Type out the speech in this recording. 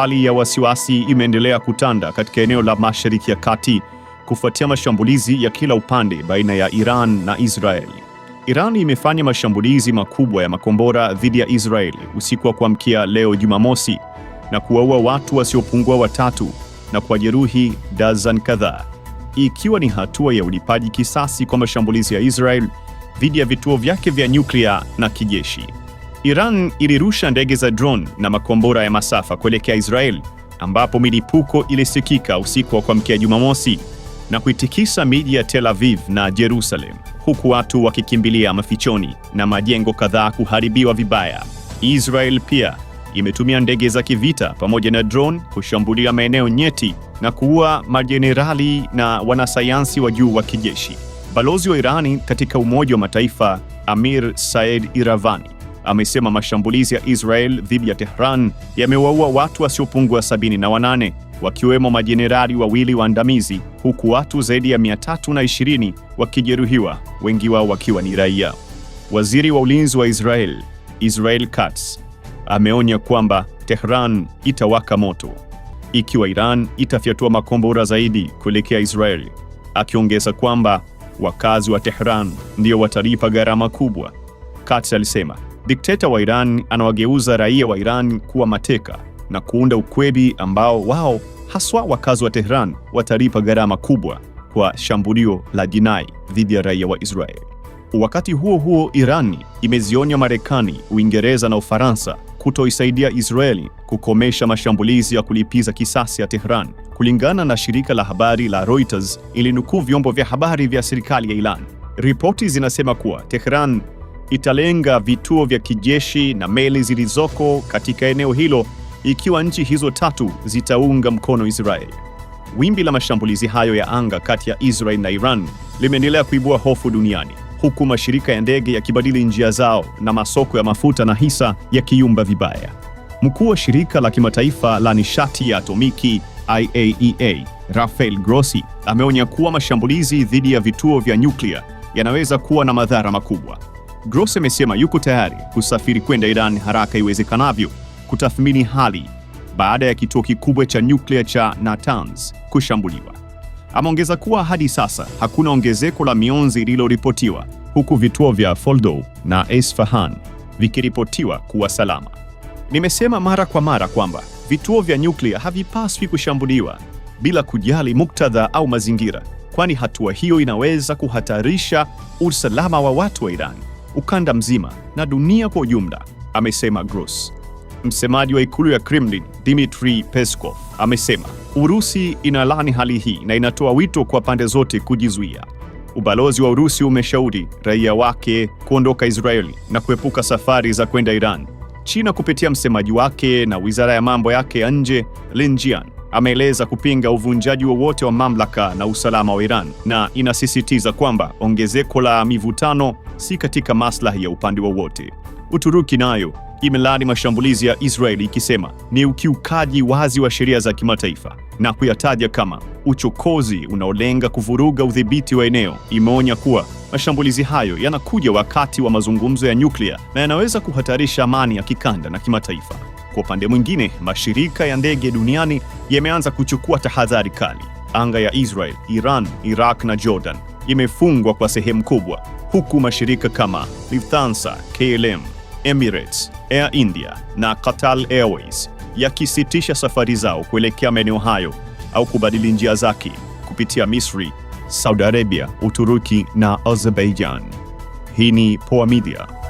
hali ya wasiwasi imeendelea kutanda katika eneo la Mashariki ya Kati kufuatia mashambulizi ya kila upande baina ya Iran na Israeli. Iran imefanya mashambulizi makubwa ya makombora dhidi ya Israeli usiku wa kuamkia leo Jumamosi na kuwaua watu wasiopungua watatu na kuwajeruhi dazan kadhaa, ikiwa ni hatua ya ulipaji kisasi kwa mashambulizi ya Israel dhidi ya vituo vyake vya nyuklia na kijeshi. Iran ilirusha ndege za drone na makombora ya masafa kuelekea Israel, ambapo milipuko ilisikika usiku wa kuamkia Jumamosi na kuitikisa miji ya Tel Aviv na Jerusalem, huku watu wakikimbilia mafichoni na majengo kadhaa kuharibiwa vibaya. Israel pia imetumia ndege za kivita pamoja na drone kushambulia maeneo nyeti na kuua majenerali na wanasayansi wa juu wa kijeshi. Balozi wa Irani katika Umoja wa Mataifa Amir said Iravani amesema mashambulizi ya Israel dhidi ya Tehran yamewaua watu wasiopungua 78 wakiwemo majenerali wawili waandamizi, huku watu zaidi ya 320 wakijeruhiwa, wengi wao wakiwa ni raia. Waziri wa ulinzi wa Israel Israel Katz ameonya kwamba Tehran itawaka moto ikiwa Iran itafyatua makombora zaidi kuelekea Israel, akiongeza kwamba wakazi wa Tehran ndio watalipa gharama kubwa, Katz alisema. Dikteta wa Iran anawageuza raia wa Iran kuwa mateka na kuunda ukwebi ambao wao haswa wakazi wa Tehran watalipa gharama kubwa kwa shambulio la jinai dhidi ya raia wa Israeli. Wakati huo huo, Irani imezionya Marekani, Uingereza na Ufaransa kutoisaidia Israeli kukomesha mashambulizi ya kulipiza kisasi ya Tehran. Kulingana na shirika la habari la Reuters, ilinukuu vyombo vya habari vya serikali ya Iran. Ripoti zinasema kuwa Tehran italenga vituo vya kijeshi na meli zilizoko katika eneo hilo ikiwa nchi hizo tatu zitaunga mkono Israeli. Wimbi la mashambulizi hayo ya anga kati ya Israel na Iran limeendelea kuibua hofu duniani, huku mashirika ya ndege yakibadili njia zao na masoko ya mafuta na hisa yakiyumba vibaya. Mkuu wa shirika la kimataifa la nishati ya atomiki IAEA, e Rafael Grossi, ameonya kuwa mashambulizi dhidi ya vituo vya nyuklia yanaweza kuwa na madhara makubwa. Gross amesema yuko tayari kusafiri kwenda Iran haraka iwezekanavyo kutathmini hali baada ya kituo kikubwa cha nyuklia cha Natanz kushambuliwa. Ameongeza kuwa hadi sasa hakuna ongezeko la mionzi lililoripotiwa huku vituo vya Fordow na Isfahan vikiripotiwa kuwa salama. Nimesema mara kwa mara kwamba vituo vya nyuklia havipaswi kushambuliwa bila kujali muktadha au mazingira, kwani hatua hiyo inaweza kuhatarisha usalama wa watu wa Iran ukanda mzima na dunia kwa ujumla, amesema Gross. Msemaji wa ikulu ya Kremlin Dmitry Peskov amesema Urusi inalani hali hii na inatoa wito kwa pande zote kujizuia. Ubalozi wa Urusi umeshauri raia wake kuondoka Israeli na kuepuka safari za kwenda Iran. China kupitia msemaji wake na wizara ya mambo yake ya nje Lin Jian ameeleza kupinga uvunjaji wowote wa, wa mamlaka na usalama wa Iran na inasisitiza kwamba ongezeko la mivutano si katika maslahi ya upande wowote. Uturuki nayo imelaani mashambulizi ya Israeli ikisema ni ukiukaji wazi wa sheria za kimataifa na kuyataja kama uchokozi unaolenga kuvuruga udhibiti wa eneo. Imeonya kuwa mashambulizi hayo yanakuja wakati wa mazungumzo ya nyuklia na yanaweza kuhatarisha amani ya kikanda na kimataifa. Kwa upande mwingine, mashirika ya ndege duniani yameanza kuchukua tahadhari kali. Anga ya Israel, Iran, Iraq na Jordan imefungwa kwa sehemu kubwa, huku mashirika kama Lufthansa, KLM, Emirates, Air India na Qatar Airways yakisitisha safari zao kuelekea maeneo hayo au kubadili njia zake kupitia Misri, Saudi Arabia, Uturuki na Azerbaijan. Hii ni Poa Media.